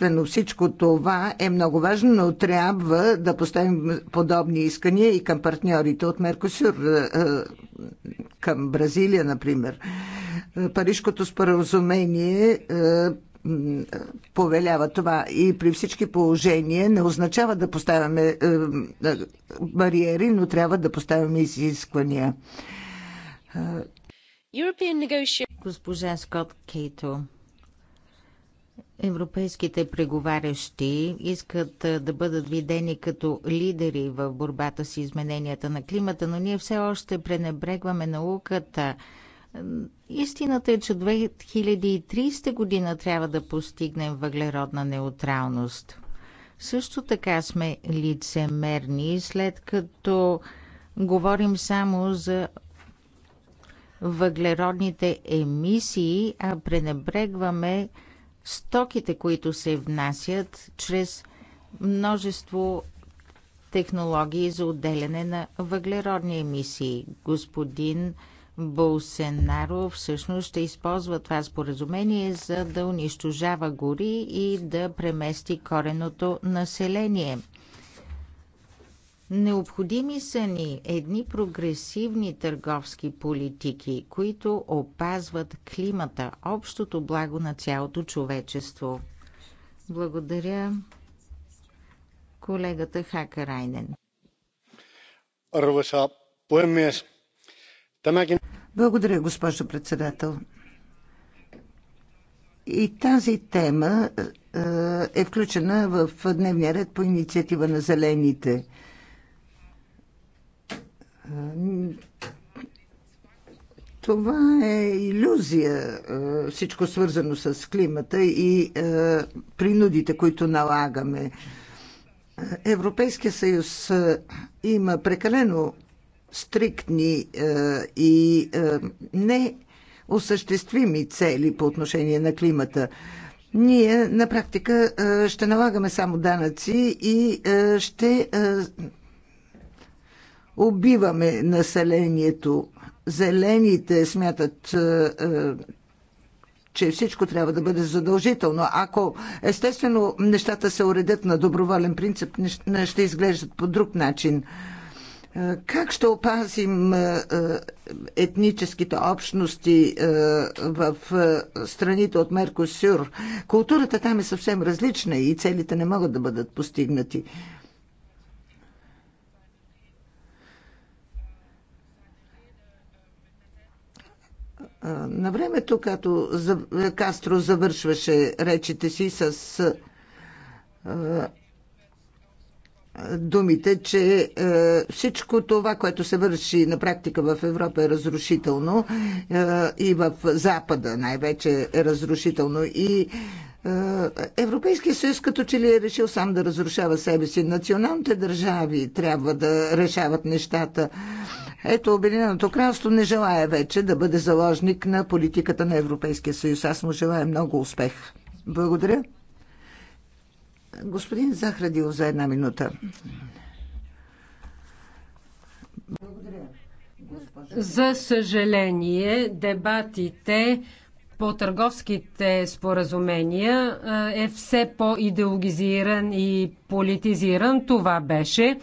Естествено всичко това е много важно, но трябва да поставим подобни искания и към партньорите от Меркосюр, е, е, към Бразилия, например. Е, Парижкото споразумение повелява това и при всички положения не означава да поставяме бариери, но трябва да поставяме изисквания. Госпожа Скот Кейто, Европейските преговарящи искат да бъдат видени като лидери в борбата с измененията на климата, но ние все още пренебрегваме науката. Истината е, че 2030 година трябва да постигнем въглеродна неутралност. Също така сме лицемерни, след като говорим само за въглеродните емисии, а пренебрегваме стоките, които се внасят чрез множество технологии за отделяне на въглеродни емисии. Господин Болсенаро всъщност ще използва това споразумение за да унищожава гори и да премести кореното население – Необходими са ни едни прогресивни търговски политики, които опазват климата, общото благо на цялото човечество. Благодаря колегата Хакарайнен. Благодаря, госпожо председател. И тази тема е, е включена в дневния ред по инициатива на зелените – това е иллюзия, всичко свързано с климата и принудите, които налагаме. Европейския съюз има прекалено стриктни и не осъществими цели по отношение на климата. Ние на практика ще налагаме само данъци и ще убиваме населението. Зелените смятат, е, е, че всичко трябва да бъде задължително. Ако естествено нещата се уредят на доброволен принцип, ще изглеждат по друг начин. Е, как ще опазим етническите общности в страните от Меркосюр? Културата там е съвсем различна и целите не могат да бъдат постигнати. На времето, като Кастро завършваше речите си с думите, че всичко това, което се върши на практика в Европа е разрушително и в Запада най-вече е разрушително и Европейския съюз като че ли е решил сам да разрушава себе си. Националните държави трябва да решават нещата. Ето, Обединеното кралство не желая вече да бъде заложник на политиката на Европейския съюз. Аз му желая много успех. Благодаря. Господин Захрадил за една минута. Благодаря. За съжаление, дебатите по търговските споразумения е все по-идеологизиран и политизиран. Това беше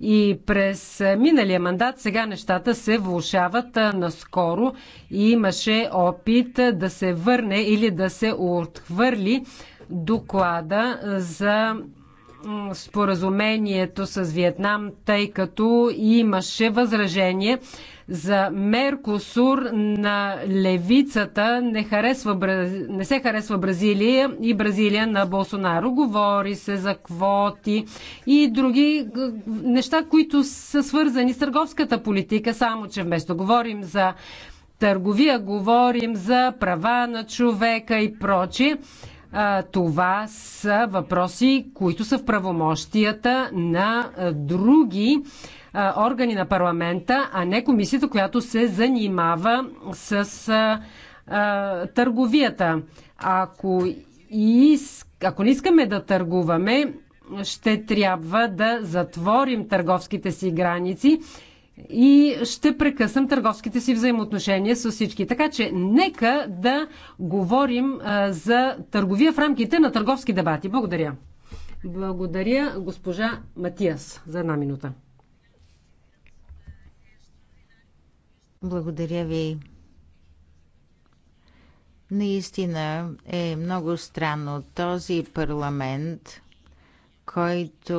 и през миналия мандат. Сега нещата се влушават наскоро и имаше опит да се върне или да се отхвърли доклада за споразумението с Виетнам, тъй като имаше възражение за Меркосур на левицата не, харесва, не се харесва Бразилия и Бразилия на Болсонаро. Говори се за квоти и други неща, които са свързани с търговската политика, само че вместо говорим за търговия, говорим за права на човека и прочие. Това са въпроси, които са в правомощията на други органи на парламента, а не комисията, която се занимава с търговията. Ако, иск, ако не искаме да търгуваме, ще трябва да затворим търговските си граници и ще прекъсам търговските си взаимоотношения с всички. Така че нека да говорим а, за търговия в рамките на търговски дебати. Благодаря. Благодаря госпожа Матиас за една минута. Благодаря ви. Наистина е много странно този парламент, който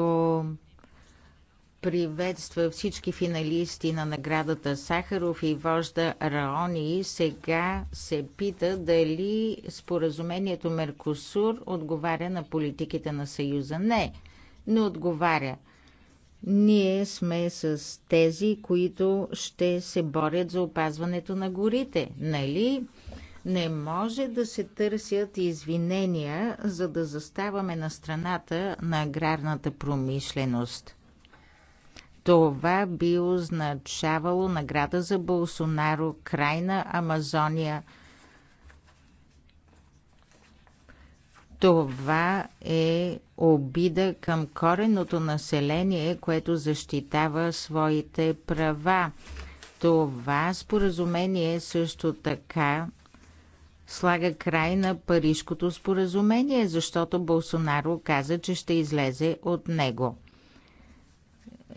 приветства всички финалисти на наградата Сахаров и вожда Раони. Сега се пита дали споразумението Меркосур отговаря на политиките на Съюза. Не, не отговаря. Ние сме с тези, които ще се борят за опазването на горите, нали? Не може да се търсят извинения, за да заставаме на страната на аграрната промишленост. Това би означавало награда за Болсонаро, край на Амазония – Това е обида към коренното население, което защитава своите права. Това споразумение също така слага край на Парижското споразумение, защото Болсонаро каза, че ще излезе от него.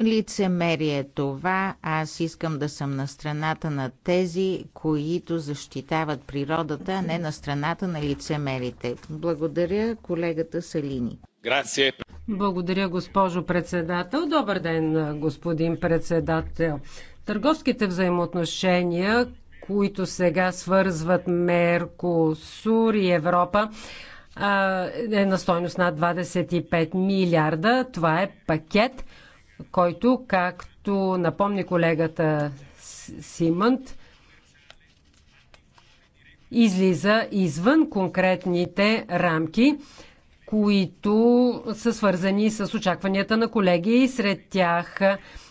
Лицемерие е това. Аз искам да съм на страната на тези, които защитават природата, а не на страната на лицемерите. Благодаря колегата Салини. Грация. Благодаря, госпожо председател. Добър ден, господин председател. Търговските взаимоотношения, които сега свързват Меркосур и Европа, е на стойност над 25 милиарда. Това е пакет – който, както напомни колегата Симънт, излиза извън конкретните рамки, които са свързани с очакванията на колеги и сред тях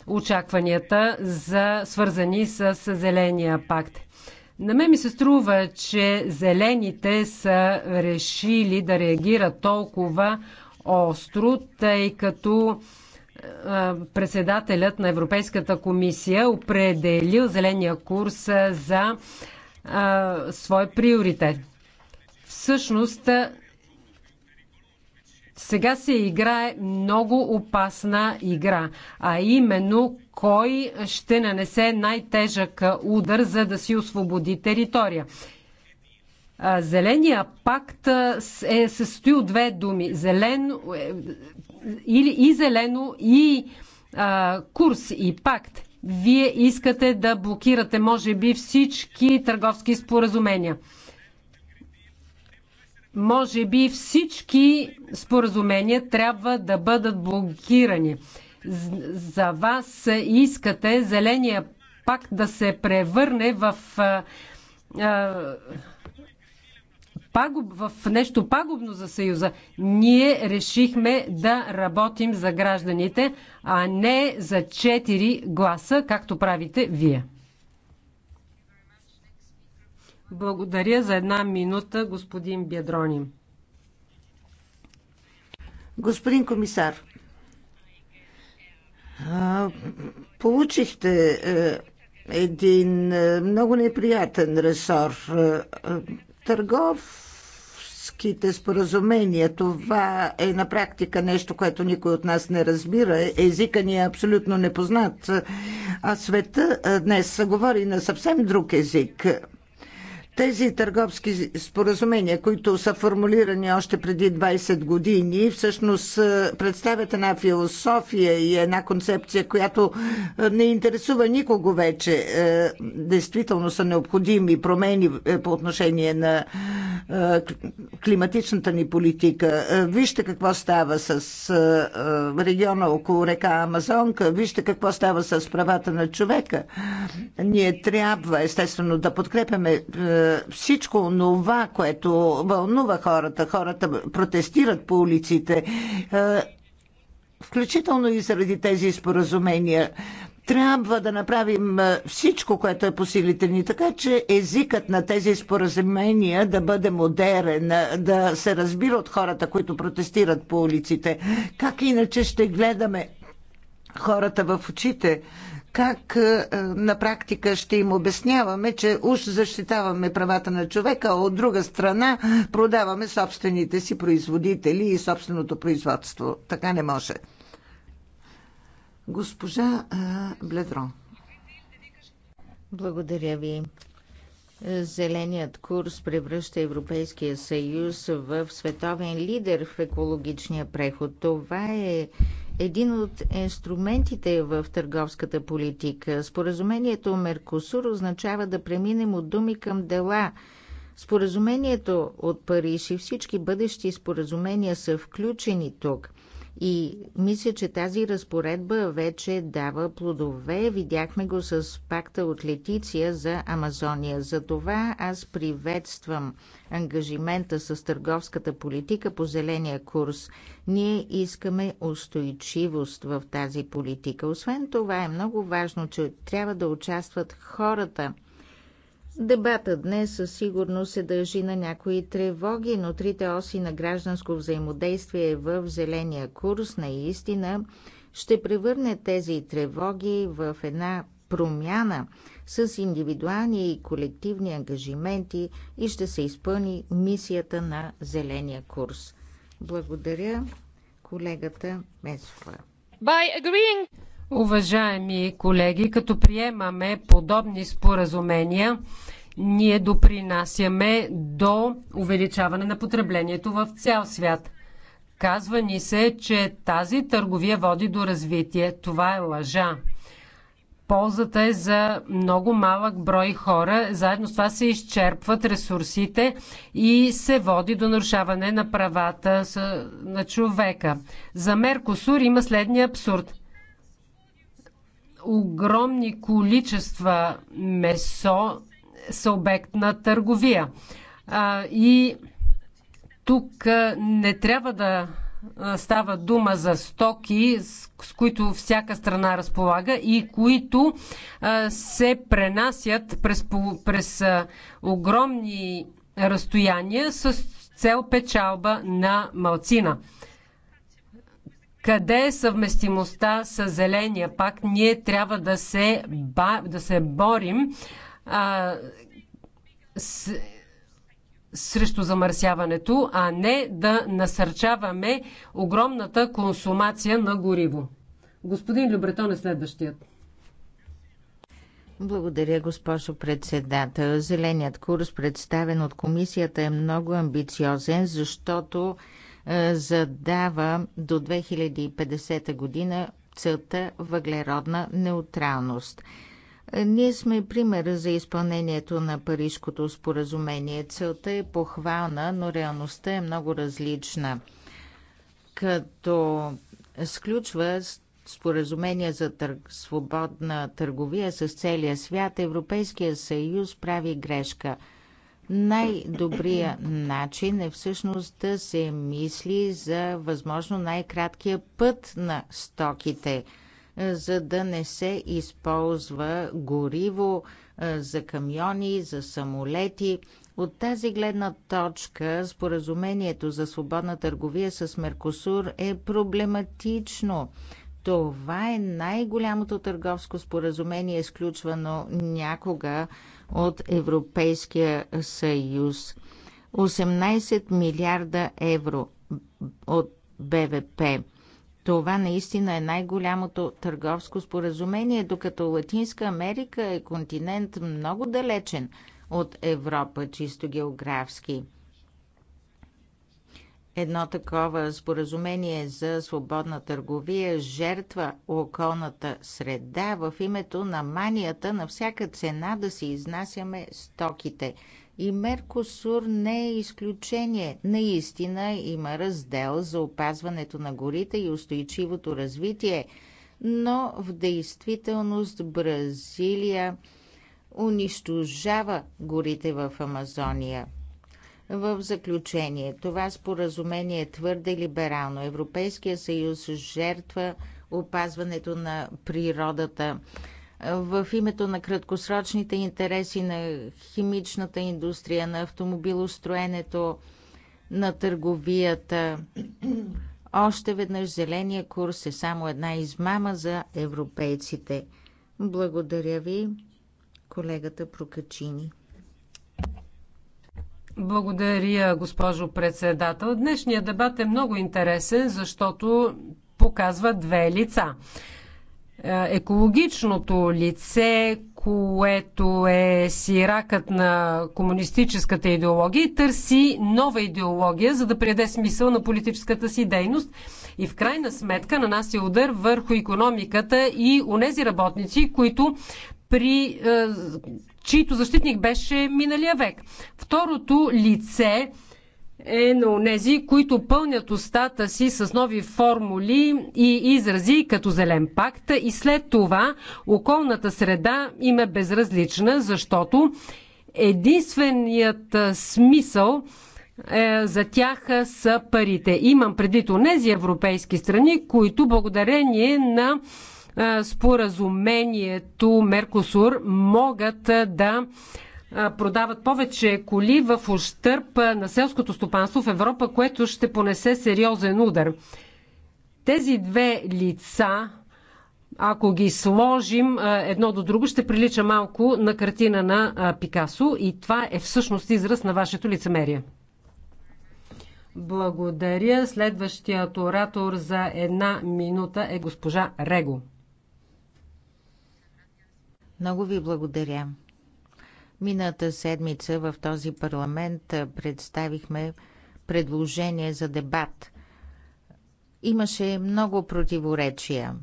очакванията за свързани с Зеления пакт. На мен ми се струва, че зелените са решили да реагират толкова остро, тъй като е, председателят на Европейската комисия определил зеления курс за е, свой приоритет. Всъщност, е, сега се играе много опасна игра, а именно кой ще нанесе най-тежък удар, за да си освободи територия. Зеления пакт е, се състои от две думи. Зелен, е, или и зелено, и а, курс, и пакт. Вие искате да блокирате, може би, всички търговски споразумения. Може би всички споразумения трябва да бъдат блокирани. За вас искате зеления пакт да се превърне в. А, а, пагуб, в нещо пагубно за Съюза. Ние решихме да работим за гражданите, а не за 4 гласа, както правите вие. Благодаря за една минута, господин Бедрони. Господин комисар, получихте е, един е, много неприятен ресор. Е, търговските споразумения. Това е на практика нещо, което никой от нас не разбира. Езика ни е абсолютно непознат. А света днес говори на съвсем друг език. Тези търговски споразумения, които са формулирани още преди 20 години, всъщност е, представят една философия и една концепция, която е, не интересува никого вече. Е, действително са необходими промени по отношение на климатичната ни политика. Вижте какво става с региона около река Амазонка, вижте какво става с правата на човека. Ние трябва, естествено, да подкрепяме всичко това, което вълнува хората. Хората протестират по улиците, е, включително и заради тези споразумения трябва да направим е, всичко, което е по силите ни, така че езикът на тези споразумения да бъде модерен, е, да се разбира от хората, които протестират по улиците. Как иначе ще гледаме хората в очите, как е, е, на практика ще им обясняваме, че уж защитаваме правата на човека, а от друга страна продаваме собствените си производители и собственото производство. Така не може. Госпожа е, Бледро. Благодаря ви. Зеленият курс превръща Европейския съюз в световен лидер в екологичния преход. Това е един от инструментите в търговската политика. Споразумението Меркосур означава да преминем от думи към дела. Споразумението от Париж и всички бъдещи споразумения са включени тук – и мисля, че тази разпоредба вече дава плодове. Видяхме го с пакта от Летиция за Амазония. За това аз приветствам ангажимента с търговската политика по зеления курс. Ние искаме устойчивост в тази политика. Освен това е много важно, че трябва да участват хората – Дебата днес със сигурност се дължи на някои тревоги, но трите оси на гражданско взаимодействие в зеления курс наистина ще превърне тези тревоги в една промяна с индивидуални и колективни ангажименти и ще се изпълни мисията на зеления курс. Благодаря колегата Месова. Уважаеми колеги, като приемаме подобни споразумения, ние допринасяме до увеличаване на потреблението в цял свят. Казва ни се, че тази търговия води до развитие. Това е лъжа. Ползата е за много малък брой хора. Заедно с това се изчерпват ресурсите и се води до нарушаване на правата на човека. За Меркосур има следния абсурд – огромни количества месо са обект на търговия. А, и тук не трябва да става дума за стоки, с които всяка страна разполага и които се пренасят през, през огромни разстояния с цел печалба на малцина. Къде е съвместимостта с Зеления пакт? Ние трябва да се, да се борим а, с, срещу замърсяването, а не да насърчаваме огромната консумация на гориво. Господин Любретон е следващият. Благодаря, госпожо председател. Зеленият курс, представен от комисията, е много амбициозен, защото е, задава до 2050 година целта въглеродна неутралност. Е, ние сме пример за изпълнението на Парижското споразумение. Целта е похвална, но реалността е много различна. Като сключва споразумение за търг, свободна търговия с целия свят, Европейския съюз прави грешка – най-добрият начин е всъщност да се мисли за възможно най-краткия път на стоките, е, за да не се използва гориво е, за камиони, за самолети. От тази гледна точка споразумението за свободна търговия с Меркосур е проблематично. Това е най-голямото търговско споразумение, изключвано някога от Европейския съюз. 18 милиарда евро от БВП. Това наистина е най-голямото търговско споразумение, докато Латинска Америка е континент много далечен от Европа, чисто географски едно такова споразумение за свободна търговия жертва околната среда в името на манията на всяка цена да си изнасяме стоките. И Меркосур не е изключение. Наистина има раздел за опазването на горите и устойчивото развитие, но в действителност Бразилия унищожава горите в Амазония – в заключение, това споразумение е твърде либерално. Европейския съюз жертва опазването на природата в името на краткосрочните интереси на химичната индустрия, на автомобилостроенето, на търговията. Още веднъж зеления курс е само една измама за европейците. Благодаря ви, колегата Прокачини. Благодаря, госпожо председател. Днешният дебат е много интересен, защото показва две лица. Е, екологичното лице, което е сиракът на комунистическата идеология, търси нова идеология, за да приеде смисъл на политическата си дейност и в крайна сметка нанася удар върху економиката и унези работници, които при е, чийто защитник беше миналия век. Второто лице е на онези, които пълнят устата си с нови формули и изрази като зелен пакт и след това околната среда им е безразлична, защото единственият смисъл е, за тях са парите. Имам предито онези европейски страни, които благодарение на споразумението Меркосур могат да продават повече коли в ощърп на селското стопанство в Европа, което ще понесе сериозен удар. Тези две лица, ако ги сложим едно до друго, ще прилича малко на картина на Пикасо и това е всъщност израз на вашето лицемерие. Благодаря. Следващият оратор за една минута е госпожа Рего. Много ви благодаря. Мината седмица в този парламент представихме предложение за дебат. Имаше много противоречия.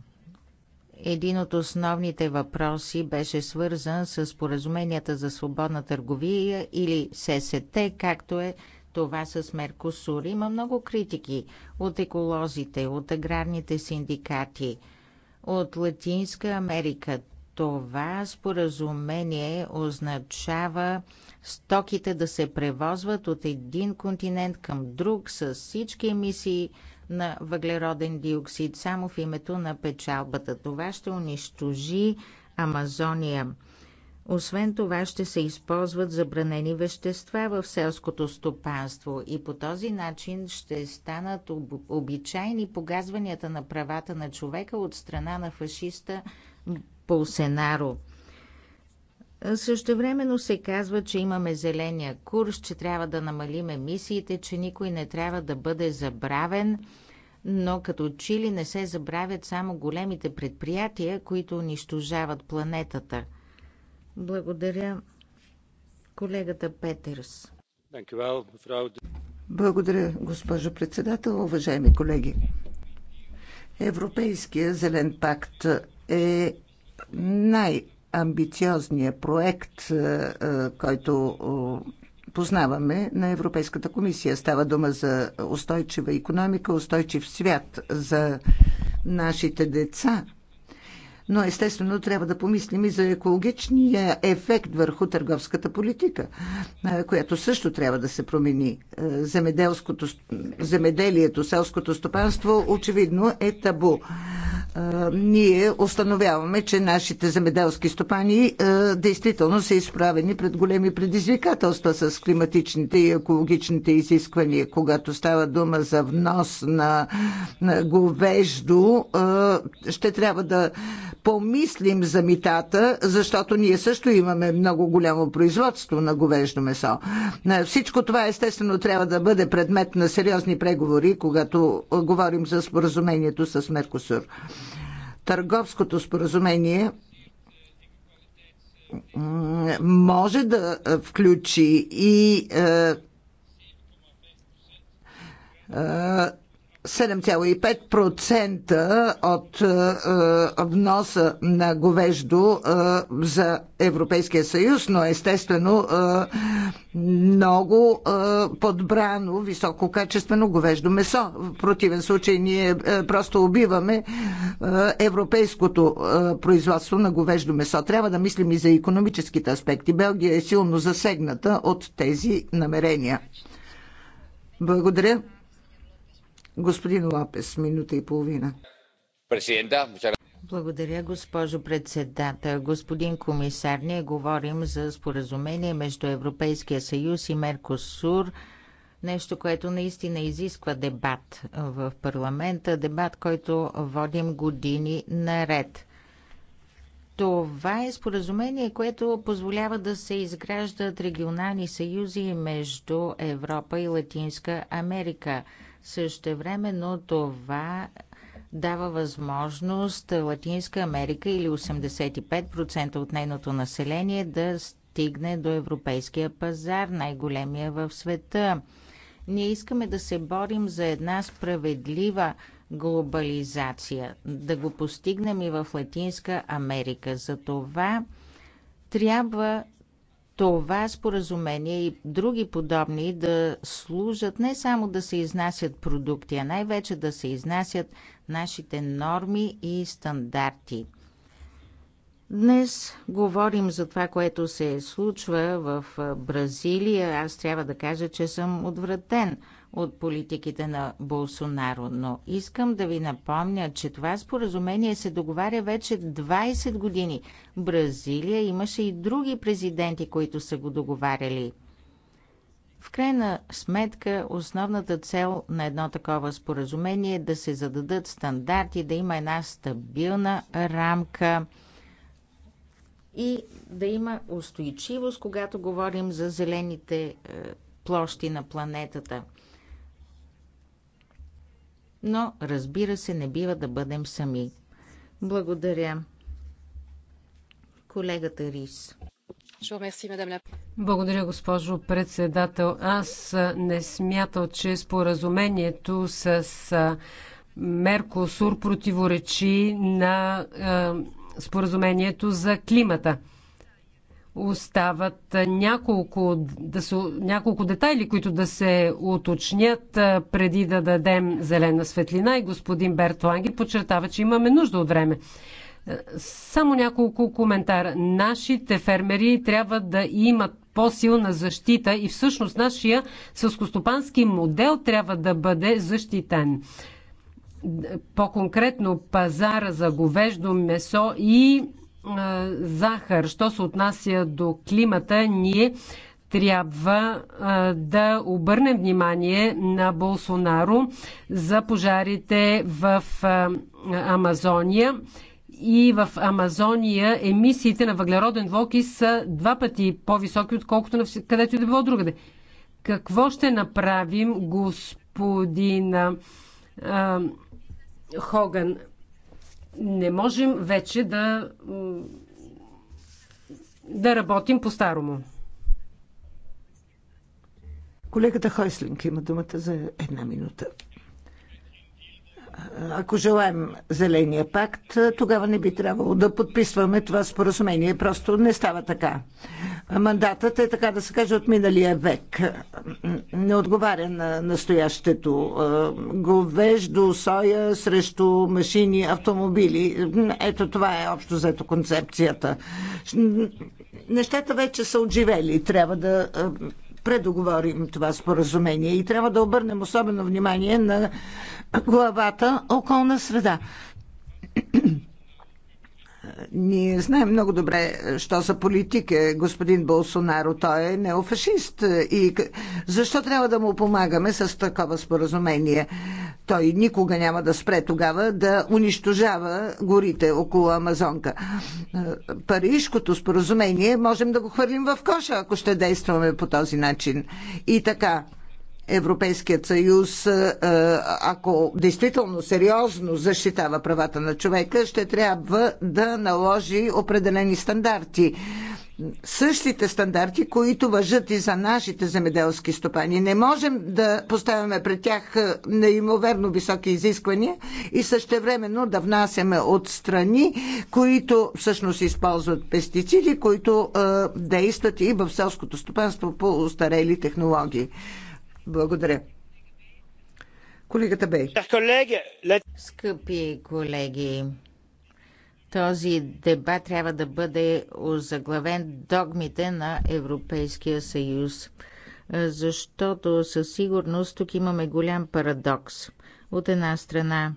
Един от основните въпроси беше свързан с поразуменията за свободна търговия или ССТ, както е това с Меркосур. Има много критики от еколозите, от аграрните синдикати, от Латинска Америка това споразумение означава стоките да се превозват от един континент към друг с всички емисии на въглероден диоксид само в името на печалбата. Това ще унищожи Амазония. Освен това ще се използват забранени вещества в селското стопанство и по този начин ще станат обичайни погазванията на правата на човека от страна на фашиста Полсенаро. Същевременно се казва, че имаме зеления курс, че трябва да намалим емисиите, че никой не трябва да бъде забравен, но като чили не се забравят само големите предприятия, които унищожават планетата. Благодаря колегата Петърс. Благодаря, госпожо председател, уважаеми колеги. Европейския зелен пакт е най-амбициозния проект, е, е, който е, познаваме на Европейската комисия. Става дума за устойчива економика, устойчив свят за нашите деца. Но естествено трябва да помислим и за екологичния ефект върху търговската политика, която също трябва да се промени. Земеделското, земеделието, селското стопанство очевидно е табу ние установяваме, че нашите земеделски стопани действително са изправени пред големи предизвикателства с климатичните и екологичните изисквания. Когато става дума за внос на, на говеждо, ще трябва да помислим за митата, защото ние също имаме много голямо производство на говеждо месо. Всичко това естествено трябва да бъде предмет на сериозни преговори, когато говорим за споразумението с Меркосур търговското споразумение може да включи и е, е, 7,5% от е, е, вноса на говеждо е, за Европейския съюз, но естествено много подбрано, висококачествено говеждо месо. В противен случай ние просто убиваме европейското производство на говеждо месо. Трябва да мислим и за економическите аспекти. Белгия е силно засегната от тези намерения. Благодаря. Господин Лопес, минута и половина. Президента, благодаря, госпожо председател. Господин комисар, ние говорим за споразумение между Европейския съюз и Меркосур, нещо, което наистина изисква дебат в парламента, дебат, който водим години наред. Това е споразумение, което позволява да се изграждат регионални съюзи между Европа и Латинска Америка. Също но това дава възможност Латинска Америка или 85% от нейното население да стигне до европейския пазар, най-големия в света. Ние искаме да се борим за една справедлива глобализация, да го постигнем и в Латинска Америка. За това трябва това споразумение и други подобни да служат не само да се изнасят продукти, а най-вече да се изнасят нашите норми и стандарти. Днес говорим за това, което се случва в Бразилия. Аз трябва да кажа, че съм отвратен от политиките на Болсонаро, но искам да ви напомня, че това споразумение се договаря вече 20 години. Бразилия имаше и други президенти, които са го договаряли. В крайна сметка, основната цел на едно такова споразумение е да се зададат стандарти, да има една стабилна рамка и да има устойчивост, когато говорим за зелените е, площи на планетата но разбира се, не бива да бъдем сами. Благодаря. Колегата Рис. Благодаря, госпожо председател. Аз не смятал, че споразумението с Меркосур противоречи на споразумението за климата. Остават няколко, да са, няколко детайли, които да се уточнят преди да дадем зелена светлина и господин Бертланги подчертава, че имаме нужда от време. Само няколко коментара. Нашите фермери трябва да имат по-силна защита и всъщност нашия сълскостопански модел трябва да бъде защитен. По-конкретно пазара за говеждо месо и захар. Що се отнася до климата, ние трябва да обърнем внимание на Болсонаро за пожарите в Амазония. И в Амазония емисиите на въглероден волки са два пъти по-високи, отколкото на където и да било другаде. Какво ще направим, господин а, Хоган? не можем вече да, да работим по-старому. Колегата Хойслинг има думата за една минута ако желаем зеления пакт, тогава не би трябвало да подписваме това споразумение. Просто не става така. Мандатът е, така да се каже, от миналия век. Не отговаря на настоящето. Говеждо, соя срещу машини, автомобили. Ето това е общо заето концепцията. Нещата вече са отживели. Трябва да предоговорим това споразумение. И трябва да обърнем особено внимание на главата околна среда. Ние знаем много добре, е, що за политик е господин Болсонаро. Той е неофашист. И защо трябва да му помагаме с такова споразумение? Той никога няма да спре тогава да унищожава горите около Амазонка. Е, Парижкото споразумение можем да го хвърлим в коша, ако ще действаме по този начин. И така, Европейският съюз, е, е, ако действително сериозно защитава правата на човека, ще трябва да наложи определени стандарти. Същите стандарти, които въжат и за нашите земеделски стопани. Не можем да поставяме пред тях е, неимоверно високи изисквания и същевременно да внасяме от страни, които всъщност използват пестициди, които е, действат и в селското стопанство по устарели технологии. Благодаря. Колегата Бей. Скъпи колеги, този дебат трябва да бъде озаглавен догмите на Европейския съюз. Защото със сигурност тук имаме голям парадокс. От една страна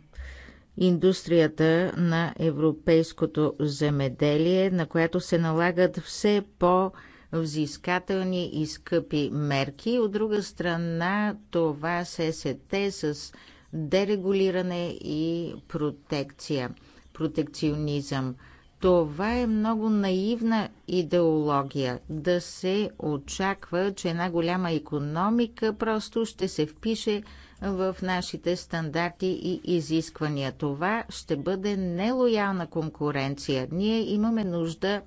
индустрията на европейското земеделие, на която се налагат все по- взискателни и скъпи мерки. От друга страна, това се сете с дерегулиране и протекция, протекционизъм. Това е много наивна идеология да се очаква, че една голяма економика просто ще се впише в нашите стандарти и изисквания. Това ще бъде нелоялна конкуренция. Ние имаме нужда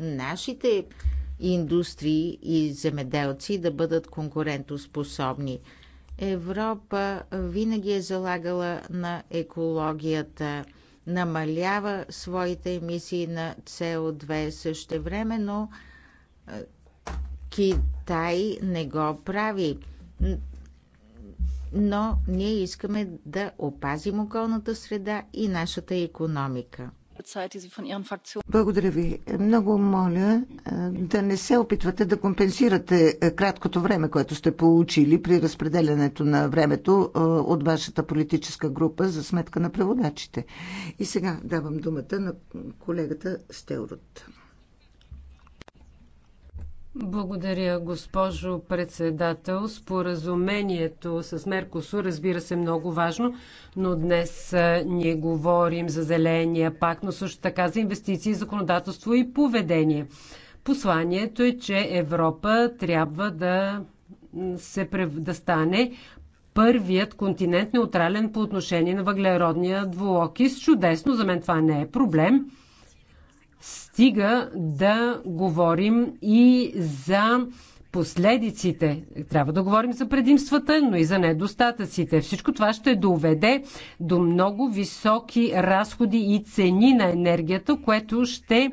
нашите индустрии и земеделци да бъдат конкурентоспособни. Европа винаги е залагала на екологията, намалява своите емисии на CO2 същевременно. Китай не го прави. Но ние искаме да опазим околната среда и нашата економика. Благодаря ви. Много моля да не се опитвате да компенсирате краткото време, което сте получили при разпределянето на времето от вашата политическа група за сметка на преводачите. И сега давам думата на колегата Стелрот. Благодаря, госпожо председател. Споразумението с Меркосур разбира се е много важно, но днес ние говорим за зеления пакт, но също така за инвестиции, законодателство и поведение. Посланието е, че Европа трябва да, се, да стане първият континент неутрален по отношение на въглеродния двуокис. Чудесно, за мен това не е проблем стига да говорим и за последиците. Трябва да говорим за предимствата, но и за недостатъците. Всичко това ще доведе до много високи разходи и цени на енергията, което ще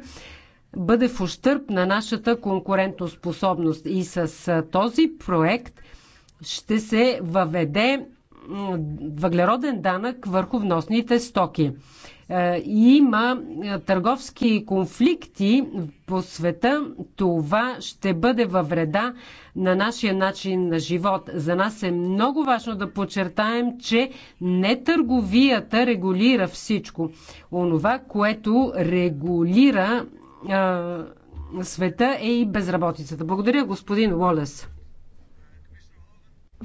бъде в ущърп на нашата конкурентоспособност. И с този проект ще се въведе въглероден данък върху вносните стоки. Е, има е, търговски конфликти по света, това ще бъде във вреда на нашия начин на живот. За нас е много важно да подчертаем, че не търговията регулира всичко. Онова, което регулира а, е, света е и безработицата. Благодаря, господин Уолес.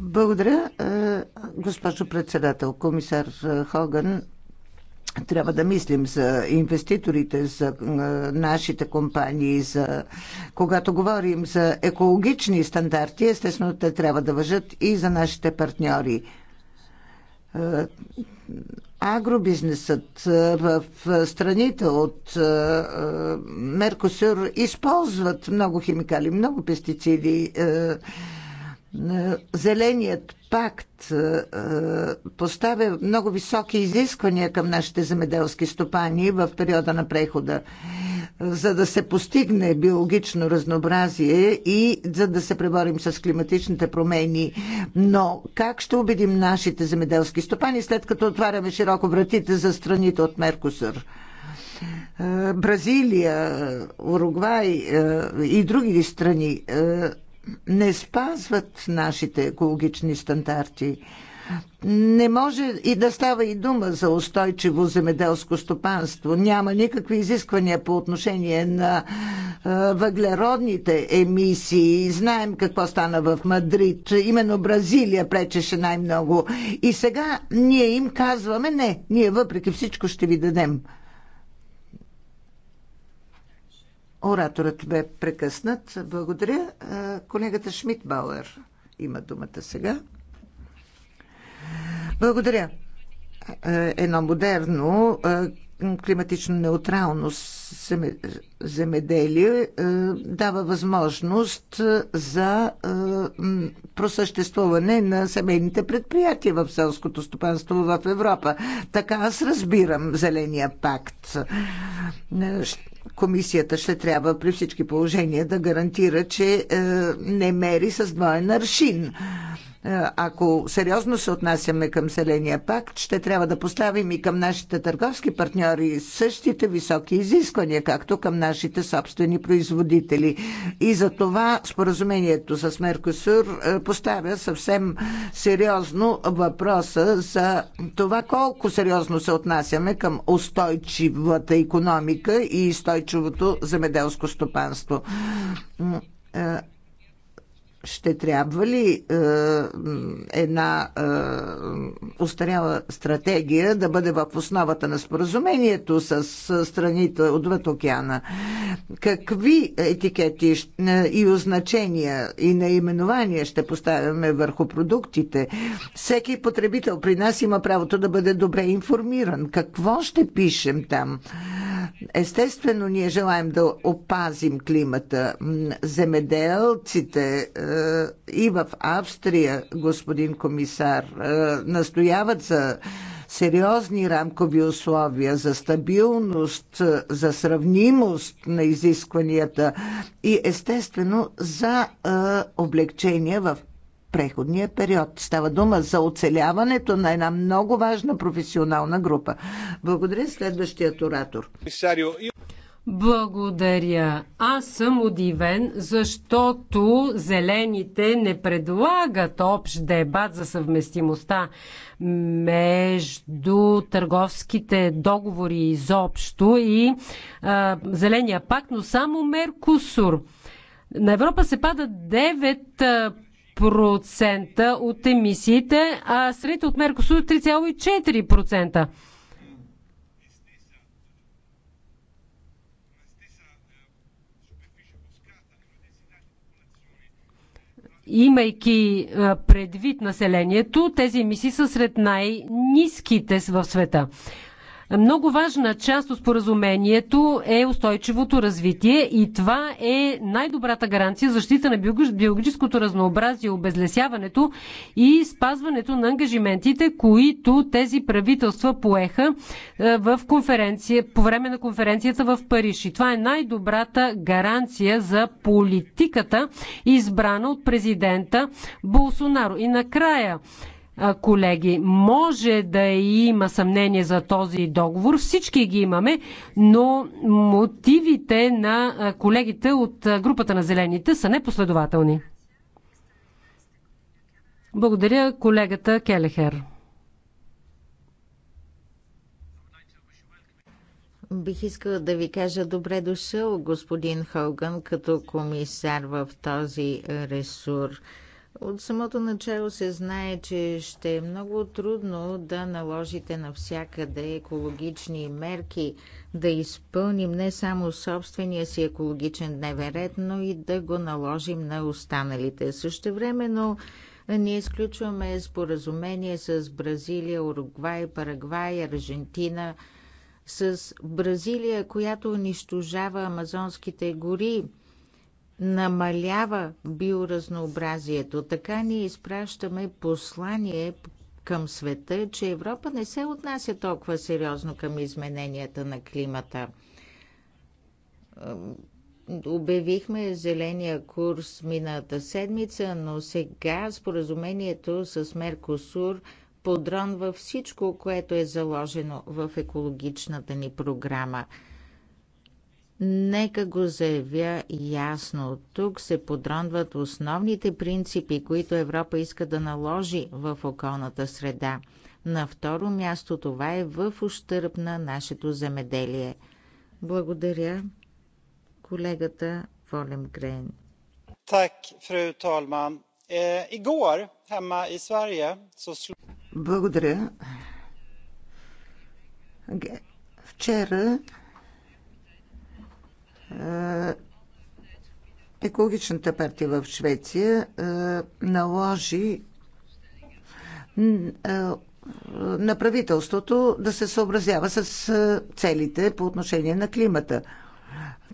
Благодаря, госпожо председател. Комисар Хоган трябва да мислим за инвеститорите, за нашите компании, за... когато говорим за екологични стандарти, естествено те трябва да въжат и за нашите партньори. Агробизнесът в страните от Меркосюр използват много химикали, много пестициди е, Зеленият пакт е, поставя много високи изисквания към нашите земеделски стопани в периода на прехода. За да се постигне биологично разнообразие и за да се преборим с климатичните промени. Но как ще убедим нашите земеделски стопани, след като отваряме широко вратите за страните от Меркосур? Е, Бразилия, Уругвай и други страни не спазват нашите екологични стандарти. Не може и да става и дума за устойчиво земеделско стопанство. Няма никакви изисквания по отношение на въглеродните емисии. Знаем какво стана в Мадрид. Именно Бразилия пречеше най-много. И сега ние им казваме не, ние въпреки всичко ще ви дадем Ораторът бе прекъснат. Благодаря. Колегата Шмидт Бауер има думата сега. Благодаря. Едно модерно, климатично неутрално земеделие дава възможност за просъществуване на семейните предприятия в селското стопанство в Европа. Така аз разбирам Зеления пакт комисията ще трябва при всички положения да гарантира, че е, не мери с двоен аршин е, ако сериозно се отнасяме към Селения пакт, ще трябва да поставим и към нашите търговски партньори същите високи изисквания, както към нашите собствени производители. И за това споразумението с Меркосур е, поставя съвсем сериозно въпроса за това колко сериозно се отнасяме към устойчивата економика и устойчивото земеделско стопанство е, ще трябва ли е, една е, устаряла стратегия да бъде в основата на споразумението с страните отвъд океана? Какви етикети е, и означения и наименования ще поставяме върху продуктите? Всеки потребител при нас има правото да бъде добре информиран. Какво ще пишем там? Естествено, ние желаем да опазим климата. Земеделците е, и в Австрия, господин комисар, е, настояват за сериозни рамкови условия за стабилност, е, за сравнимост на изискванията и естествено за облегчения в преходния период. Става дума за оцеляването на една много важна професионална група. Благодаря следващият оратор. Благодаря. Аз съм удивен, защото зелените не предлагат общ дебат за съвместимостта между търговските договори изобщо и а, зеления пакт, но само Меркусур. На Европа се падат 9 Процента от емисиите, а сред от Меркосу 3,4%. Имайки предвид населението, тези емисии са сред най-низките в света. Много важна част от споразумението е устойчивото развитие и това е най-добрата гаранция за защита на биологическото разнообразие, обезлесяването и спазването на ангажиментите, които тези правителства поеха е, в конференция, по време на конференцията в Париж. И това е най-добрата гаранция за политиката, избрана от президента Болсонаро. И накрая, колеги. Може да има съмнение за този договор, всички ги имаме, но мотивите на колегите от групата на зелените са непоследователни. Благодаря колегата Келехер. Бих искала да ви кажа добре дошъл, господин Хоган, като комисар в този ресурс. От самото начало се знае, че ще е много трудно да наложите навсякъде екологични мерки, да изпълним не само собствения си екологичен дневен ред, но и да го наложим на останалите. Също времено ние изключваме споразумение с Бразилия, Уругвай, Парагвай, Аржентина, с Бразилия, която унищожава амазонските гори – намалява биоразнообразието. Така ние изпращаме послание към света, че Европа не се отнася толкова сериозно към измененията на климата. Обявихме зеления курс миналата седмица, но сега споразумението с Меркосур подронва всичко, което е заложено в екологичната ни програма. Нека го заявя ясно. Тук се подронват основните принципи, които Европа иска да наложи в околната среда. На второ място това е в ущърп на нашето земеделие. Благодаря колегата Грейн. Так, фру талман. Е, игор, хема и Сверия, Благодаря. Вчера е, екологичната партия в Швеция е, наложи е, на правителството да се съобразява с целите по отношение на климата –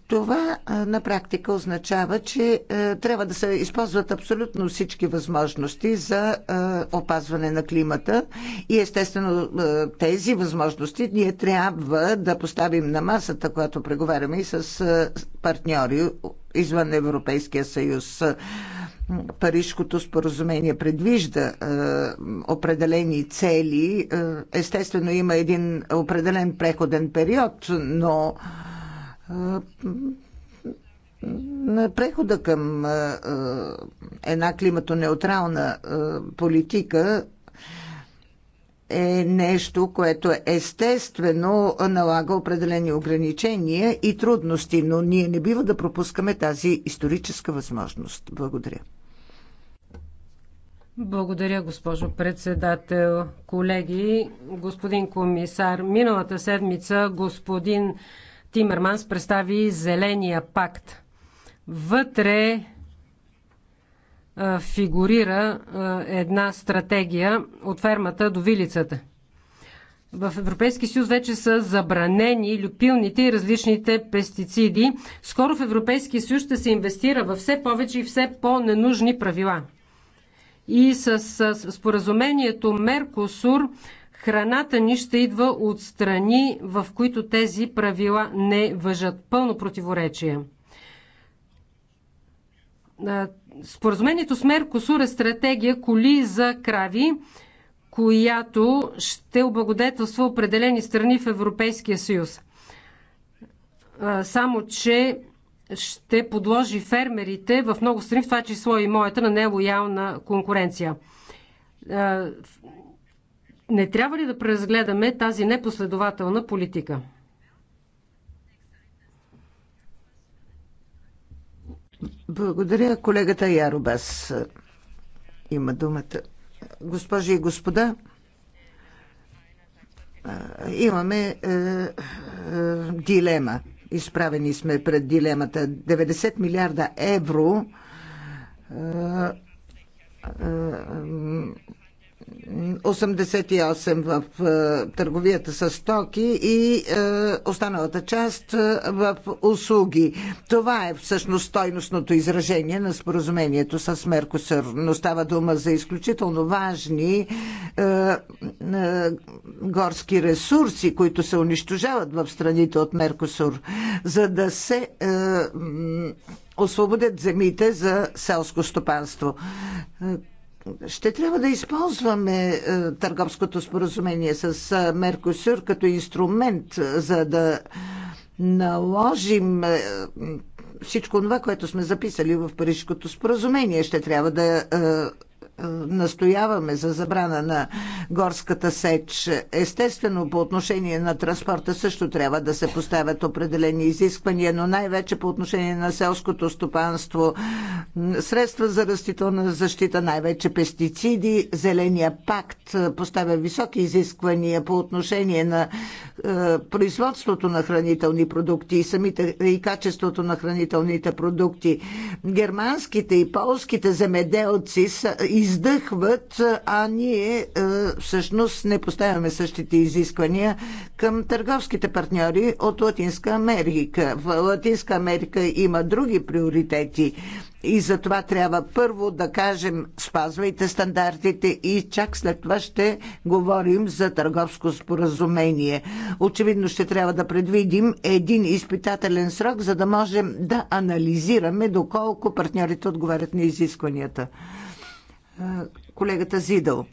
това на практика означава, че трябва да се използват абсолютно всички възможности за опазване на климата и естествено тези възможности ние трябва да поставим на масата, когато преговаряме и с партньори извън Европейския съюз. Парижското споразумение предвижда е, определени цели. Естествено има един определен преходен период, но е, на прехода към една климатонеутрална политика е нещо, което естествено налага определени ограничения и трудности, но ние не бива да пропускаме тази историческа възможност. Благодаря. Благодаря, госпожо председател. Колеги, господин комисар, миналата седмица господин Тимерманс представи Зеления пакт. Вътре фигурира една стратегия от фермата до вилицата. В Европейски съюз вече са забранени люпилните и различните пестициди. Скоро в Европейски съюз ще се инвестира във все повече и все по-ненужни правила. И с, с споразумението Меркосур храната ни ще идва от страни, в които тези правила не въжат. Пълно противоречие. Споразумението с Меркосур е стратегия коли за крави, която ще облагодетелства определени страни в Европейския съюз. Само, че ще подложи фермерите в много страни, в това число и моята, на нелоялна конкуренция не трябва ли да преразгледаме тази непоследователна политика? Благодаря. Колегата Яробас има думата. Госпожи и господа, имаме е, е, дилема. Изправени сме пред дилемата. 90 милиарда евро е, е 88 в е, търговията с стоки и е, останалата част е, в услуги. Това е всъщност стойностното изражение на споразумението с Меркосър. Но става дума за изключително важни горски ресурси, които се унищожават в страните от Меркосур, за да се освободят земите за селско стопанство ще трябва да използваме е, търговското споразумение с е, Меркосюр като инструмент, е, за да наложим всичко това, което сме записали в Парижското споразумение. Ще трябва да е, настояваме за забрана на горската сеч. Естествено, по отношение на транспорта също трябва да се поставят определени изисквания, но най-вече по отношение на селското стопанство, средства за растителна защита, най-вече пестициди, зеления пакт поставя високи изисквания по отношение на е, производството на хранителни продукти и, самите, и качеството на хранителните продукти. Германските и полските земеделци са из издъхват, а ние е, всъщност не поставяме същите изисквания към търговските партньори от Латинска Америка. В Латинска Америка има други приоритети и затова трябва първо да кажем спазвайте стандартите и чак след това ще говорим за търговско споразумение. Очевидно ще трябва да предвидим един изпитателен срок, за да можем да анализираме доколко партньорите отговарят на изискванията колегата Зидъл.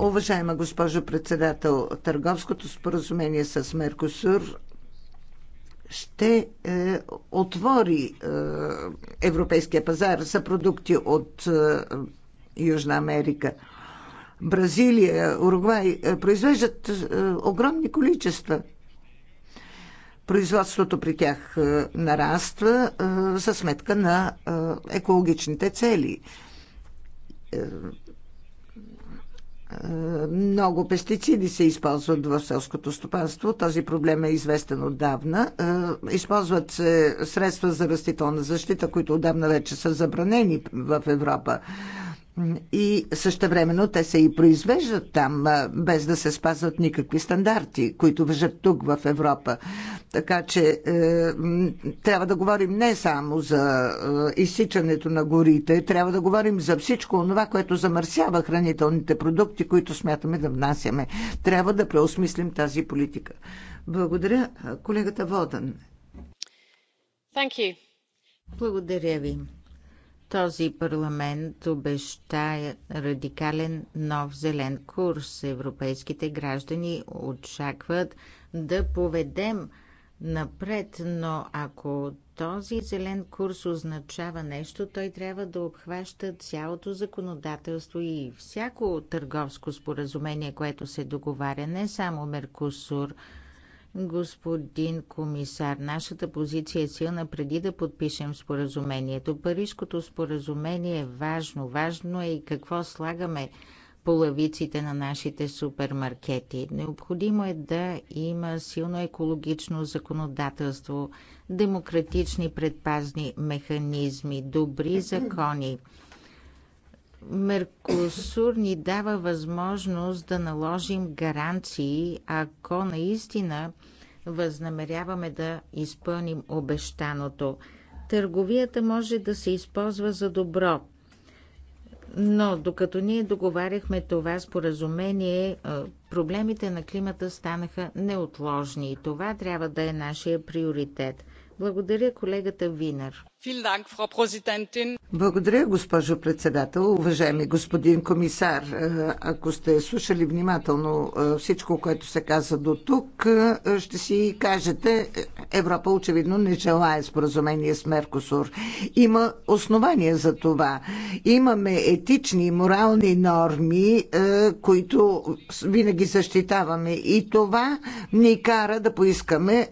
Уважаема госпожо председател, търговското споразумение с Меркосур ще е, отвори е, европейския пазар за продукти от е, Южна Америка. Бразилия, Уругвай е, произвеждат е, огромни количества. Производството при тях е, нараства е, за сметка на е, екологичните цели. Е, много пестициди се използват в селското стопанство. Този проблем е известен отдавна. Е, използват се средства за растителна защита, които отдавна вече са забранени в Европа. И същевременно те се и произвеждат там, без да се спазват никакви стандарти, които въжат тук в Европа. Така че е, трябва да говорим не само за е, изсичането на горите, трябва да говорим за всичко това, което замърсява хранителните продукти, които смятаме да внасяме. Трябва да преосмислим тази политика. Благодаря, колегата Водан. Thank you. Благодаря ви. Този парламент обеща радикален нов зелен курс. Европейските граждани очакват да поведем напред, но ако този зелен курс означава нещо, той трябва да обхваща цялото законодателство и всяко търговско споразумение, което се договаря, не само Меркусур – Господин комисар, нашата позиция е силна преди да подпишем споразумението. Парижкото споразумение е важно. Важно е и какво слагаме по лавиците на нашите супермаркети. Необходимо е да има силно екологично законодателство, демократични предпазни механизми, добри закони – Меркосур ни дава възможност да наложим гаранции, ако наистина възнамеряваме да изпълним обещаното. Търговията може да се използва за добро. Но докато ние договаряхме това споразумение, е, проблемите на климата станаха неотложни и това трябва да е нашия приоритет. Благодаря колегата Винер. Благодаря, госпожо председател. Уважаеми господин комисар, е, ако сте слушали внимателно е, всичко, което се каза до тук, е, ще си кажете, Европа очевидно не желая споразумение с Меркосур. Има основания за това. Имаме етични и морални норми, които винаги защитаваме. И това ни кара да поискаме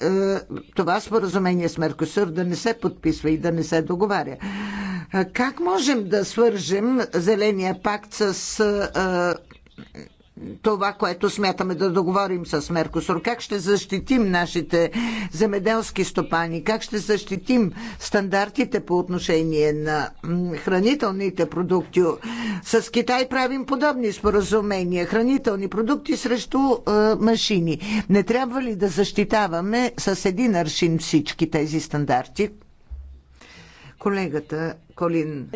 това споразумение с Меркосур да не се подписва и да не се договаря. Как можем да свържем Зеления пакт с това, което смятаме да договорим с Меркосур. Как ще защитим нашите земеделски стопани? Как ще защитим стандартите по отношение на хранителните продукти? С Китай правим подобни споразумения. Хранителни продукти срещу а, машини. Не трябва ли да защитаваме с един аршин всички тези стандарти, колегата Колин.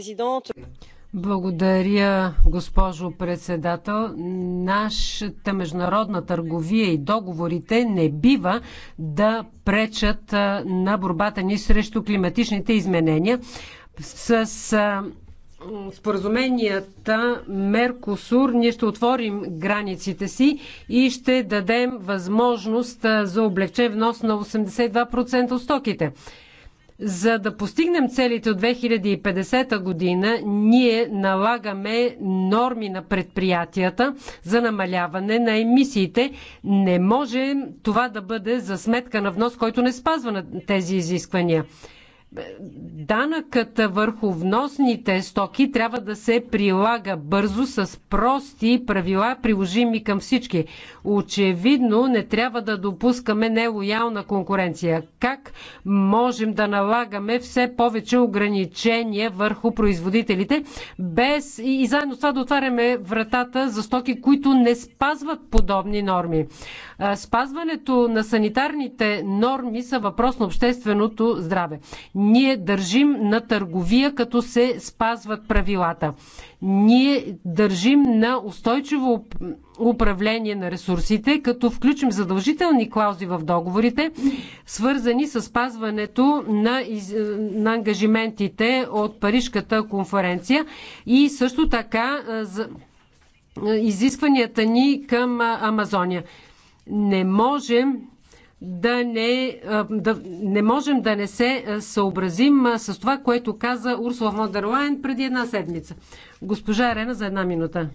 Благодаря, госпожо председател. Нашата международна търговия и договорите не бива да пречат на борбата ни срещу климатичните изменения. С споразуменията Меркосур ние ще отворим границите си и ще дадем възможност за облегчен внос на 82% от стоките. За да постигнем целите от 2050 година, ние налагаме норми на предприятията за намаляване на емисиите. Не може това да бъде за сметка на внос, който не спазва на тези изисквания. Данъкът върху вносните стоки трябва да се прилага бързо с прости правила, приложими към всички. Очевидно не трябва да допускаме нелоялна конкуренция. Как можем да налагаме все повече ограничения върху производителите, без и, заедно с това да отваряме вратата за стоки, които не спазват подобни норми. Спазването на санитарните норми са въпрос на общественото здраве. Ние държим на търговия, като се спазват правилата. Ние държим на устойчиво управление на ресурсите, като включим задължителни клаузи в договорите, свързани с спазването на, из... на ангажиментите от Парижката конференция и също така за изискванията ни към Амазония. Не можем да не, да, не можем да не се съобразим с това, което каза Урсула фон Лайен преди една седмица. Госпожа Арена за една минута.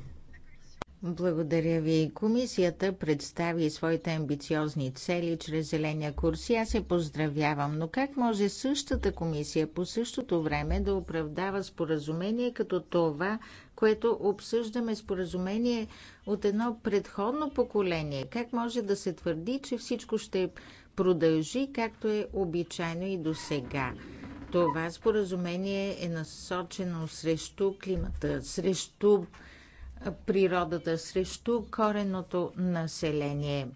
Благодаря ви. Комисията представи своите амбициозни цели чрез зеления курс и аз се поздравявам. Но как може същата комисия по същото време да оправдава споразумение като това, което обсъждаме споразумение от едно предходно поколение? Как може да се твърди, че всичко ще продължи както е обичайно и до сега? Това споразумение е насочено срещу климата, срещу природата срещу коренното население.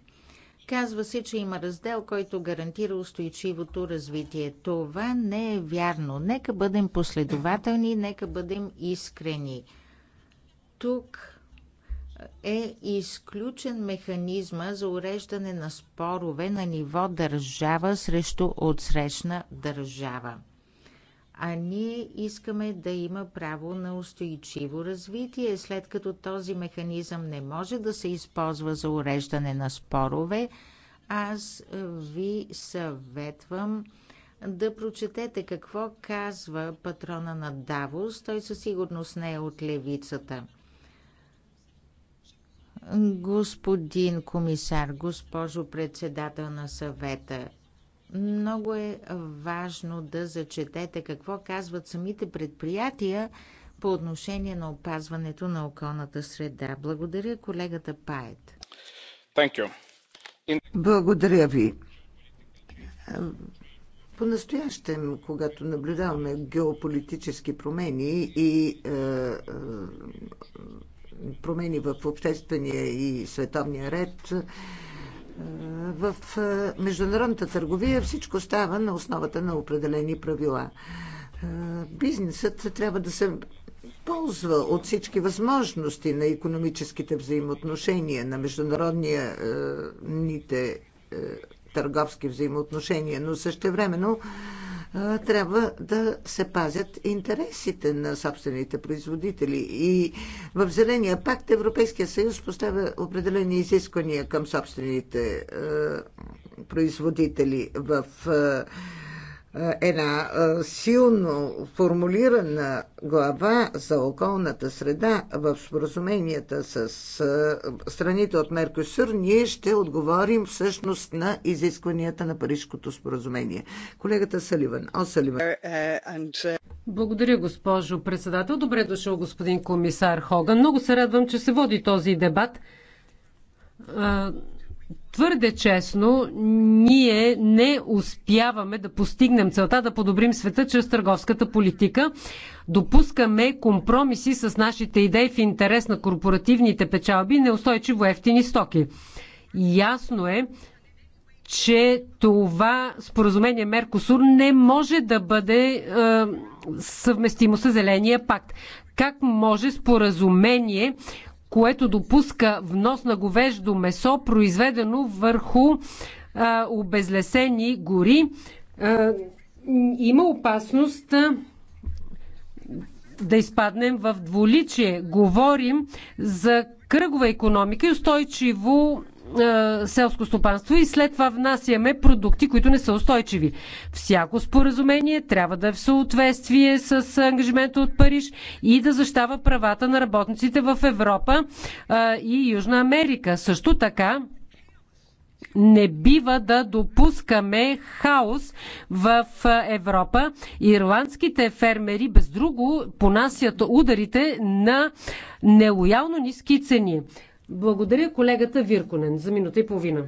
Казва се, че има раздел, който гарантира устойчивото развитие. Това не е вярно. Нека бъдем последователни, нека бъдем искрени. Тук е изключен механизма за уреждане на спорове на ниво държава срещу отсрещна държава а ние искаме да има право на устойчиво развитие, след като този механизъм не може да се използва за уреждане на спорове. Аз ви съветвам да прочетете какво казва патрона на Давос. Той със сигурност не е от левицата. Господин комисар, госпожо председател на съвета, много е важно да зачетете какво казват самите предприятия по отношение на опазването на околната среда. Благодаря колегата Пает. In... Благодаря ви. По-настоящем, когато наблюдаваме геополитически промени и е, е, промени в обществения и световния ред, е, в международната търговия всичко става на основата на определени правила. Бизнесът трябва да се ползва от всички възможности на економическите взаимоотношения, на международните търговски взаимоотношения, но същевременно времено трябва да се пазят интересите на собствените производители. И в Зеления пакт Европейския съюз поставя определени изисквания към собствените производители в е, една е, силно формулирана глава за околната среда в споразуменията с е, страните от Меркосур, ние ще отговорим всъщност на изискванията на Парижкото споразумение. Колегата Саливан. О, Саливан. Благодаря, госпожо председател. Добре дошъл, господин комисар Хоган. Много се радвам, че се води този дебат твърде честно ние не успяваме да постигнем целта да подобрим света чрез търговската политика. Допускаме компромиси с нашите идеи в интерес на корпоративните печалби и неустойчиво ефтини стоки. Ясно е, че това споразумение Меркосур не може да бъде е, съвместимо с Зеления пакт. Как може споразумение, което допуска внос на говеждо месо, произведено върху а, обезлесени гори. А, има опасност да изпаднем в дволичие. Говорим за кръгова економика и устойчиво е, селско стопанство и след това внасяме продукти, които не са устойчиви. Всяко споразумение трябва да е в съответствие с ангажимента от Париж и да защава правата на работниците в Европа е, и Южна Америка. Също така не бива да допускаме хаос в Европа. Ирландските фермери без друго понасят ударите на нелоялно ниски цени. Благодаря колегата Вирконен за минута и половина.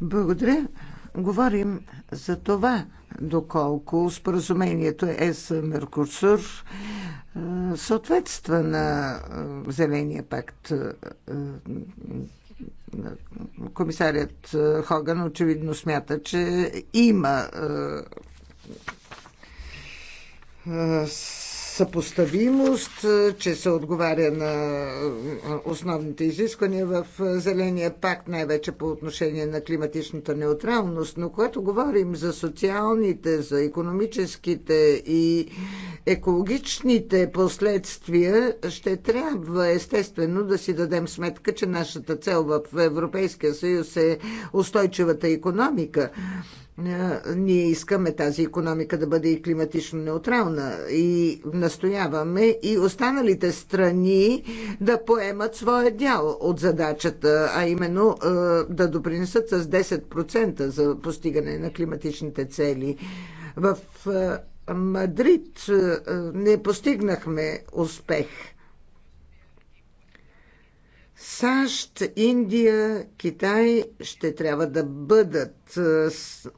Благодаря. Говорим за това, доколко споразумението ЕС Меркурсур е, съответства на е, Зеления пакт. Е, Комисарият Хоган очевидно смята, че има съпоставимост, е, че се отговаря на е, основните изисквания в е, Зеления пакт, най-вече по отношение на климатичната неутралност, но когато говорим за социалните, за економическите и екологичните последствия, ще трябва естествено да си дадем сметка, че нашата цел в Европейския съюз е устойчивата економика. Е, ние искаме тази економика да бъде и климатично неутрална и настояваме и останалите страни да поемат своя дял от задачата, а именно е, да допринесат с 10% за постигане на климатичните цели. В е, Мадрид не постигнахме успех – САЩ, Индия, Китай ще трябва да бъдат е,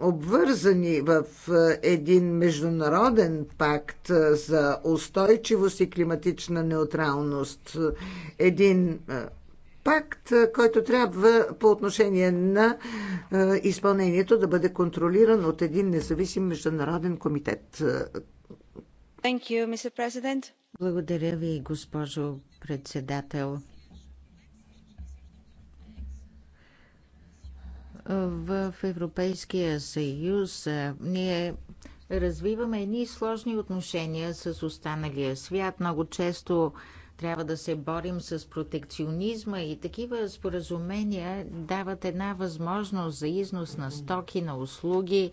обвързани в е, един международен пакт е, за устойчивост и климатична неутралност. Един пакт, който трябва по отношение на изпълнението да бъде контролиран от един независим международен комитет. Благодаря ви, госпожо председател. В Европейския съюз ние развиваме едни сложни отношения с останалия свят. Много често трябва да се борим с протекционизма и такива споразумения дават една възможност за износ на стоки, на услуги.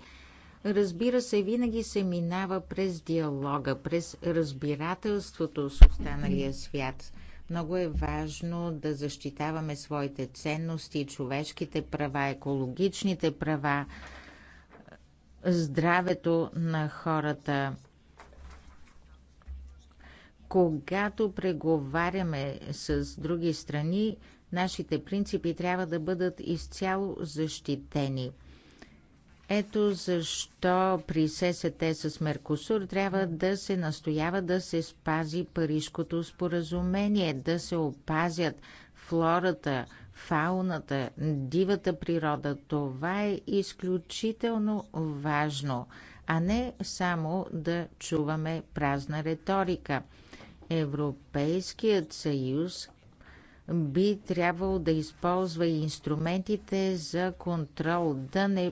Разбира се, винаги се минава през диалога, през разбирателството с останалия свят – много е важно да защитаваме своите ценности, човешките права, екологичните права, здравето на хората. Когато преговаряме с други страни, нашите принципи трябва да бъдат изцяло защитени – ето защо при ССТ с Меркосур трябва да се настоява да се спази Парижкото споразумение, да се опазят флората, фауната, дивата природа. Това е изключително важно, а не само да чуваме празна риторика. Европейският съюз би трябвало да използва и инструментите за контрол, да не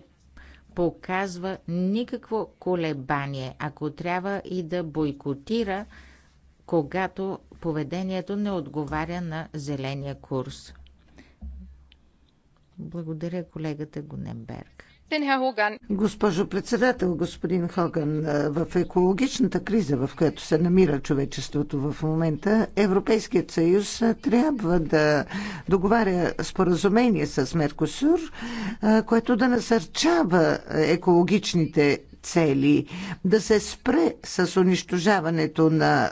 показва никакво колебание, ако трябва и да бойкотира, когато поведението не отговаря на зеления курс. Благодаря колегата Гуненберг. Госпожо председател, господин Хоган, в екологичната криза, в която се намира човечеството в момента, Европейският съюз трябва да договаря споразумение с Меркосур, което да насърчава екологичните цели, да се спре с унищожаването на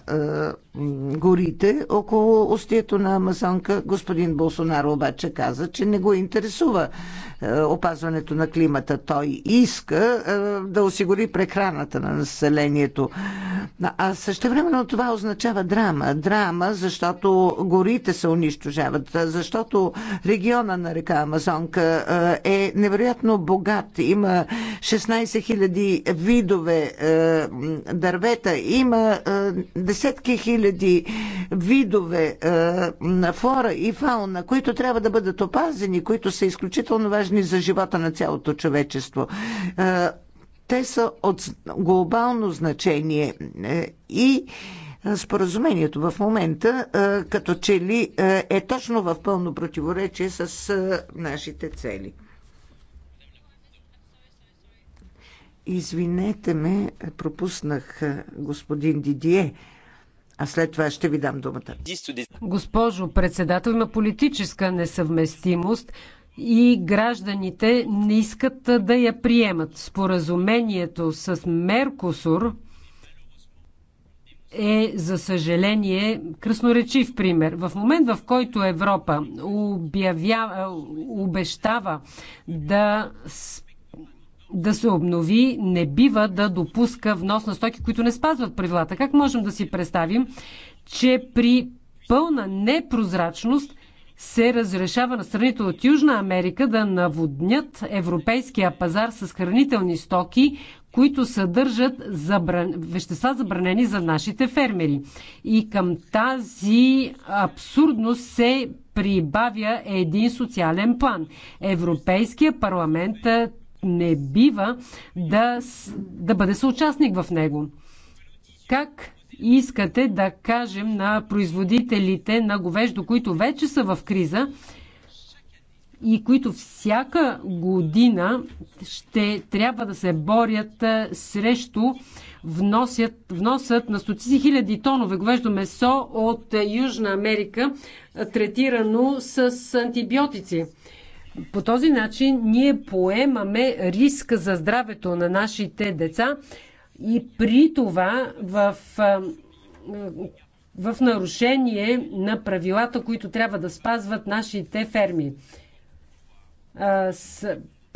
горите около устието на Амазонка. Господин Болсонаро обаче каза, че не го интересува е, опазването на климата. Той иска е, да осигури прехраната на населението. А също времено това означава драма. Драма, защото горите се унищожават, защото региона на река Амазонка е невероятно богат. Има 16 000 видове е, дървета, има десетки хиляди хиляди видове е, на флора и фауна, които трябва да бъдат опазени, които са изключително важни за живота на цялото човечество. Е, те са от глобално значение е, и споразумението в момента като че ли е точно в пълно противоречие с нашите цели. Извинете ме, пропуснах господин Дидие а след това ще ви дам думата. Госпожо председател, има политическа несъвместимост и гражданите не искат да я приемат. Споразумението с Меркосур е, за съжаление, красноречив пример. В момент, в който Европа обявява, обещава да спи да се обнови, не бива да допуска внос на стоки, които не спазват правилата. Как можем да си представим, че при пълна непрозрачност се разрешава на страните от Южна Америка да наводнят европейския пазар с хранителни стоки, които съдържат забран... вещества забранени за нашите фермери. И към тази абсурдност се прибавя един социален план. Европейския парламент не бива да, да бъде съучастник в него. Как искате да кажем на производителите на говеждо, които вече са в криза и които всяка година ще трябва да се борят срещу вносят, вносът на стотици хиляди тонове говеждо месо от Южна Америка, третирано с антибиотици. По този начин ние поемаме риска за здравето на нашите деца и при това в, в нарушение на правилата, които трябва да спазват нашите ферми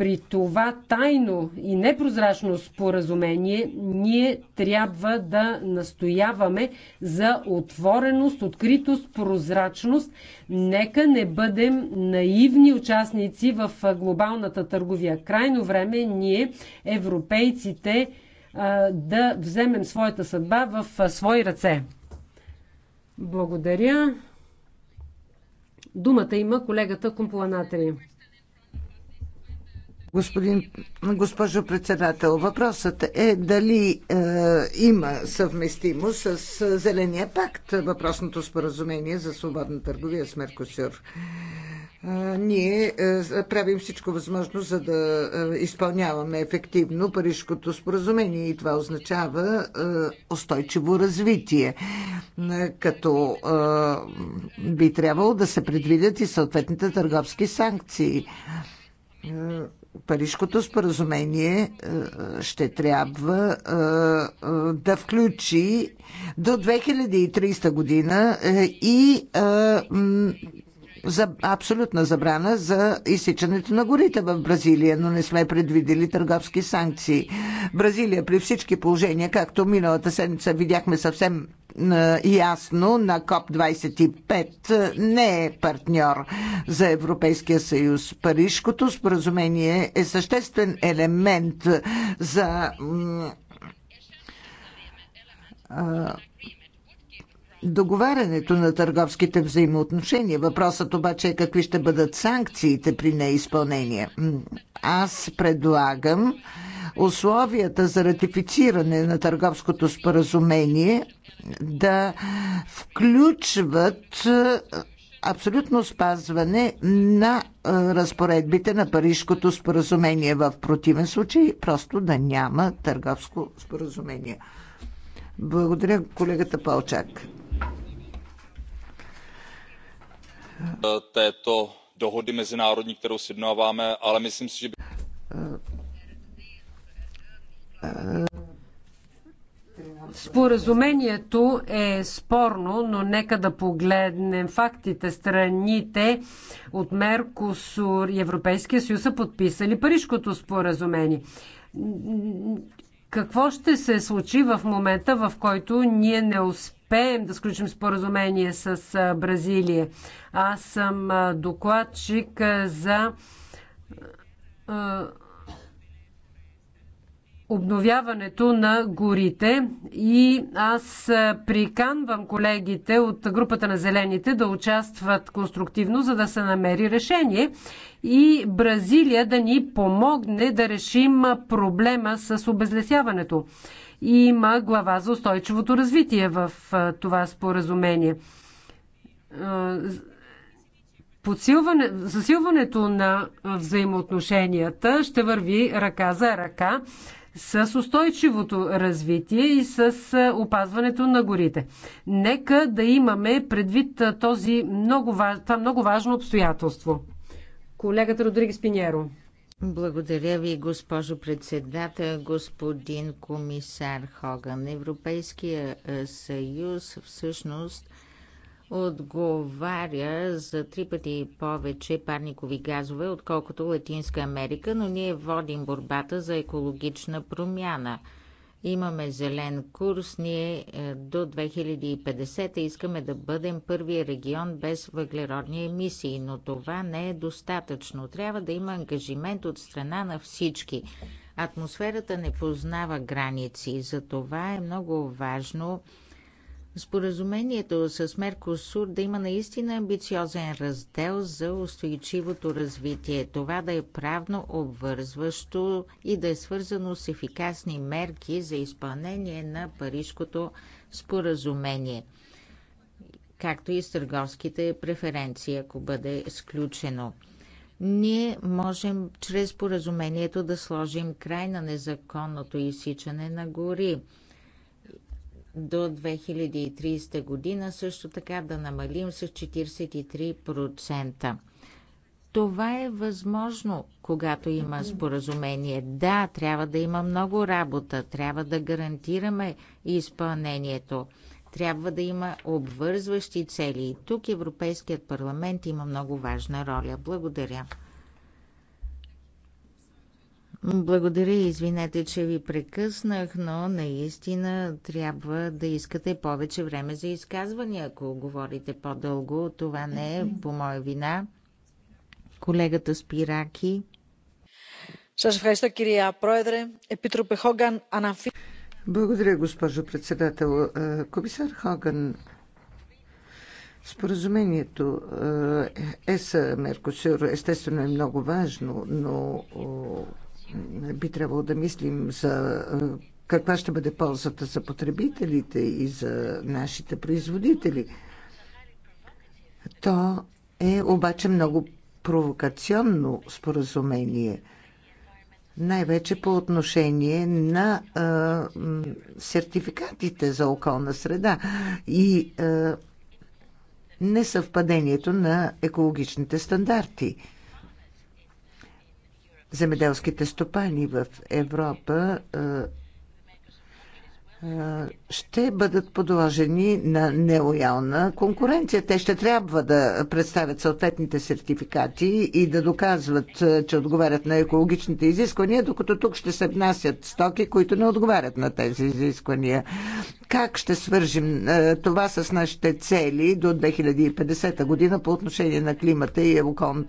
при това тайно и непрозрачно споразумение, ние трябва да настояваме за отвореност, откритост, прозрачност. Нека не бъдем наивни участници в глобалната търговия. Крайно време е ние, европейците, да вземем своята съдба в свои ръце. Благодаря. Думата има колегата Компуланатри. Господин, госпожо председател, въпросът е дали е, има съвместимост с Зеления пакт въпросното споразумение за свободна търговия с Меркосюр. Е, ние е, правим всичко възможно, за да е, изпълняваме ефективно Парижското споразумение и това означава е, устойчиво развитие, е, като е, би трябвало да се предвидят и съответните търговски санкции. Е, Парижкото споразумение е, ще трябва е, е, да включи до 2030 година и за абсолютна забрана за изсичането на горите в Бразилия, но не сме предвидели търговски санкции. Бразилия при всички положения, както миналата седмица видяхме съвсем е, ясно на КОП-25 не е партньор за Европейския съюз. Парижкото споразумение е съществен елемент за е, договарянето на търговските взаимоотношения. Въпросът обаче е какви ще бъдат санкциите при неизпълнение. Аз предлагам условията за ратифициране на търговското споразумение да включват е, абсолютно спазване на е, разпоредбите на Парижкото споразумение. В противен случай просто да няма търговско споразумение. Благодаря колегата Палчак. této dohody kterou sjednáváme ale myslím si že by Споразумението е спорно, но нека да погледнем фактите. Страните от Меркосур и Европейския съюз са подписали Парижкото споразумение. Какво ще се случи в момента, в който ние не успеем? успеем да сключим споразумение с Бразилия. Аз съм докладчик за обновяването на горите и аз приканвам колегите от групата на зелените да участват конструктивно, за да се намери решение и Бразилия да ни помогне да решим проблема с обезлесяването. Има глава за устойчивото развитие в това споразумение. Подсилване, засилването на взаимоотношенията ще върви ръка за ръка с устойчивото развитие и с опазването на горите. Нека да имаме предвид този много, това много важно обстоятелство. Колегата Родригес Пиньеро. Благодаря ви, госпожо председател, господин комисар Хоган. Европейския е, съюз всъщност отговаря за три пъти повече парникови газове, отколкото Латинска Америка, но ние водим борбата за екологична промяна – Имаме зелен курс. Ние е, до 2050 искаме да бъдем първия регион без въглеродни емисии, но това не е достатъчно. Трябва да има ангажимент от страна на всички. Атмосферата не познава граници, затова е много важно споразумението с Меркосур да има наистина амбициозен раздел за устойчивото развитие. Това да е правно обвързващо и да е свързано с ефикасни мерки за изпълнение на Парижкото споразумение, както и с търговските преференции, ако бъде сключено. Ние можем чрез споразумението да сложим край на незаконното изсичане на гори до 2030 година, също така да намалим с 43%. Това е възможно, когато има споразумение. Да, трябва да има много работа, трябва да гарантираме изпълнението, трябва да има обвързващи цели. И тук Европейският парламент има много важна роля. Благодаря. Благодаря, извинете, че ви прекъснах, но наистина трябва да искате повече време за изказвания. Ако говорите по-дълго, това не е по моя вина. Колегата Спираки. Благодаря, госпожо председател. Е, комисар Хоган, Споразумението е, еса Меркосюр естествено е много важно, но би трябвало да мислим за е, каква ще бъде ползата за потребителите и за нашите производители. То е обаче много провокационно споразумение, най-вече по отношение на а, е, сертификатите за околна среда и а, е, несъвпадението на екологичните стандарти земеделските стопани в Европа ще бъдат подложени на нелоялна конкуренция. Те ще трябва да представят съответните сертификати и да доказват, че отговарят на екологичните изисквания, докато тук ще се внасят стоки, които не отговарят на тези изисквания. Как ще свържим това с нашите цели до 2050 година по отношение на климата и околната